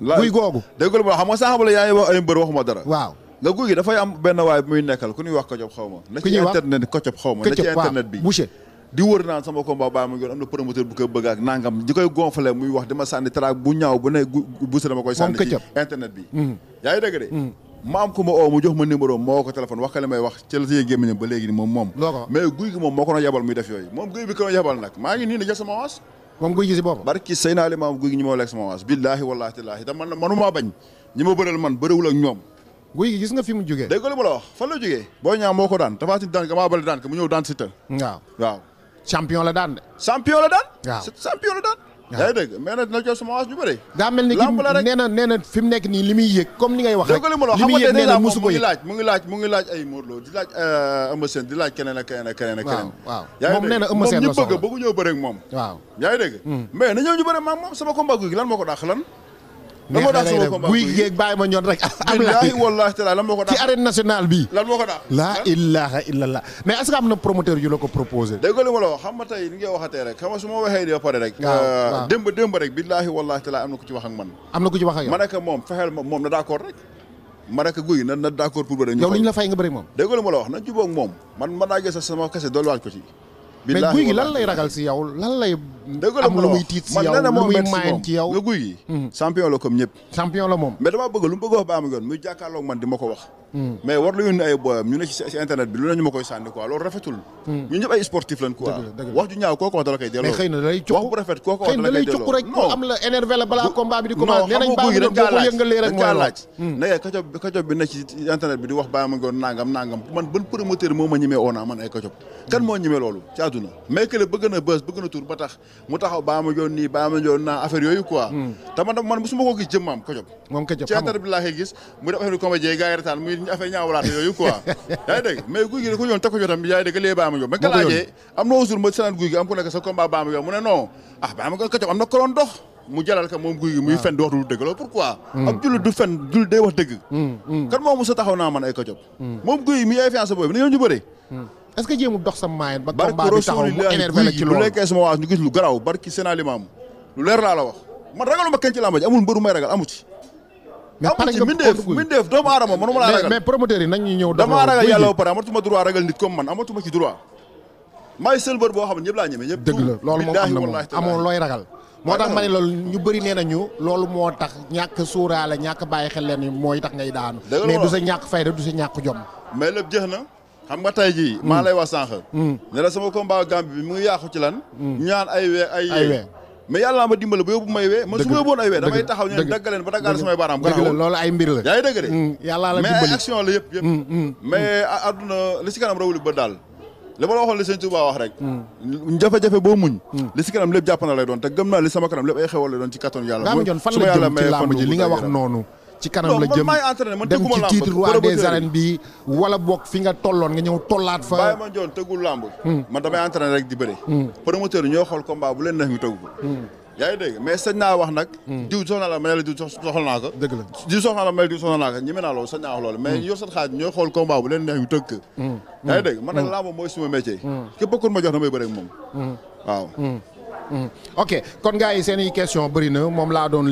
guy googu dégg nga la yaa ngi wax ay mbër waxuma dara waaw nga guy gi dafay am benn waay muy nekkal ku nuy wax kocob xaw ma internet kocob xaw ma na ci internet bi monsieur di wër naan sama combat baa mu ngi am na promoteur ko bëgg ak nangam bi mm-hmm. yaa ngi dégg de mm-hmm. ma mu jox ma numéro ma woo ko téléphone wax ka li may wax ci la siy gémmiñam ba léegi ni moom moom mais guy gi moom moo ko doon yebal muy def yooyu moom guy bi ko yebal nag maa ngi nii ne sama waas moom guy gi si boppam barki sëy naa limaam guy gi ñu lekk sama waas billaahi wallaahi tallaahi te man manumaa bañ ñi ma man bëriwul ak ñoom gis nga fi mu jógee dégg lu ma la wax fan la jógee boo ñaa moo ko daan tafaatin daan ka maa bale daan ka mu ñëw daan si të waaw waaw champion la daan de champion la daan waaw yaa ngi dégg mais nag dina coow waas ñu bëri daa ni nee na nee nekk nii li muy yëg comme ni ngay wax rek li muy yëg nee musu ko yëg mu ngi laaj mu ngi laaj ay Modou Lo di laaj euh, Eumeu Sène di laaj keneen ak keneen ak moom nee na Eumeu la soxla moom mm. ñu bëgg bëggu guy gi moo ko dàq lan guy geeg bàyyi ma ñoon rek. am na wallaahi taala lan moo ko daax ci arène nationale bi. lan moo ko daax laa ilaaha illallah mais est am na promoteur yu la ko proposé. dégg ma la wax xam nga tey ni nga waxatee rek xam nga su ma waxee pare rek. Euh, démb démb rek billaahi wallaahi taala am na ku ci wax ak man. am na ku ci wax ak yow ma ne ko moom fexeel moom na d'accord rek. ma ne ko guy na d'accord pour. ba dañu yow li ñu la fay nga bëri moom. dégg nga li ma la wax na jubóog moom man ma daagee sax mais guy gi lan lay ragal si yow lan lay. am lu muy tiit si yow lu muy mayen ci yow. nga guy gi. champion la comme ñëpp. champion la moom. mais dama bëgg lu mu bëgg wax ba am yoon muy jàkkaarloog man di ma ko wax. mais war la yónni ay booyam ñu ne ma koy sànni quoi loolu rafetul hmm. ñu ñëpp ay sportif lañ quoi wax ju ñaaw kooku wax da la koy delloo mais xëy na lay cukk delloo rek ko ko yëngalee rek mooy hmm. ne ci internet bi di wax baa kan moo ñemee loolu ci àdduna mais que bëgg na bës bëgg na tur ba tax mu taxaw baa ma joon nii baa ma joon naa affaire yooyu quoi hmm. te man man musuma ko gis jëmmaam kacob ci internet bi laa koy gis mu def affaire comédie gars yi retaan affaire ñaawalaat yooyu quoi yaa ngi dégg mais guy gi ko yoon teg bi yaa ngi dégg lee baama yób ma kalaajee am na jour ma sanaan guy gi am ku ah, na koroon ka moom guy gi muy ah. fen di wax lu hmm. hmm, hmm. na ñoom ñu bëri est-ce que dox sa maay ba combat bi lu lekkee wax man ragaluma kenn ci làmb ji amul mbëru may ragal amu mais pare nga mindeef mindeef doomu aadama manuma laa ragal mais promoteur yi nañ ñëw dama ragal yàlla ba pare boo xam ne ñëpp laa ñeme ñëpp dëgg la loolu moom am na moom amoon looy ragal moo tax ma ne loolu loolu moo tax ñàkk suuraale ñàkk bàyyi xel leen mooy tax ngay daanu mais du sa ñàkk fayda du sa na xam nga tey jii maa hmm. lay wax sànq hmm. ne la sama combat Gambie bi mu ngi yàqu ci lan hmm. ñaan ay wee ay mais yàlla ma dimbale ba yóbbu may wee man su ma yóbboon ay damay taxaw ñu daggaleen ba daggaale samay baaraam garaawul loolu ay mbir la mm, yàlla la dimbale mais action la yëpp mm, mm. mais àdduna li si kanam rawuli ba daal li ma waxoon li sëñ wax rek jafe-jafe li si kanam lépp jàpp ay xewal lay doon ci kattan yàlla su yàlla may fan li nga wax noonu ci kanam la jëm dem ci titre roi des arènes bi wala boog fi nga tolloon nga ñëw tollaat fa. ma joon tëggul làmb. Hmm. man damay entraîné rek di bëre. Hmm. promoteur ñoo xool combat hmm. ngi dégg mais sañ naa wax nag. diw soxna la ma ne la diw soxla naa ko. dëgg ma ne la ko ñeme naa loolu sañ naa wax loolu. mais yor seen xaaj ñooy xool combat bu leen neex mi tëgg ko. yaa ngi dégg man nag làmb mooy suma métier. képp ku ma jox damay bëre ak moom. waaw. ok kon gars yi seen question bëri na moom laa doon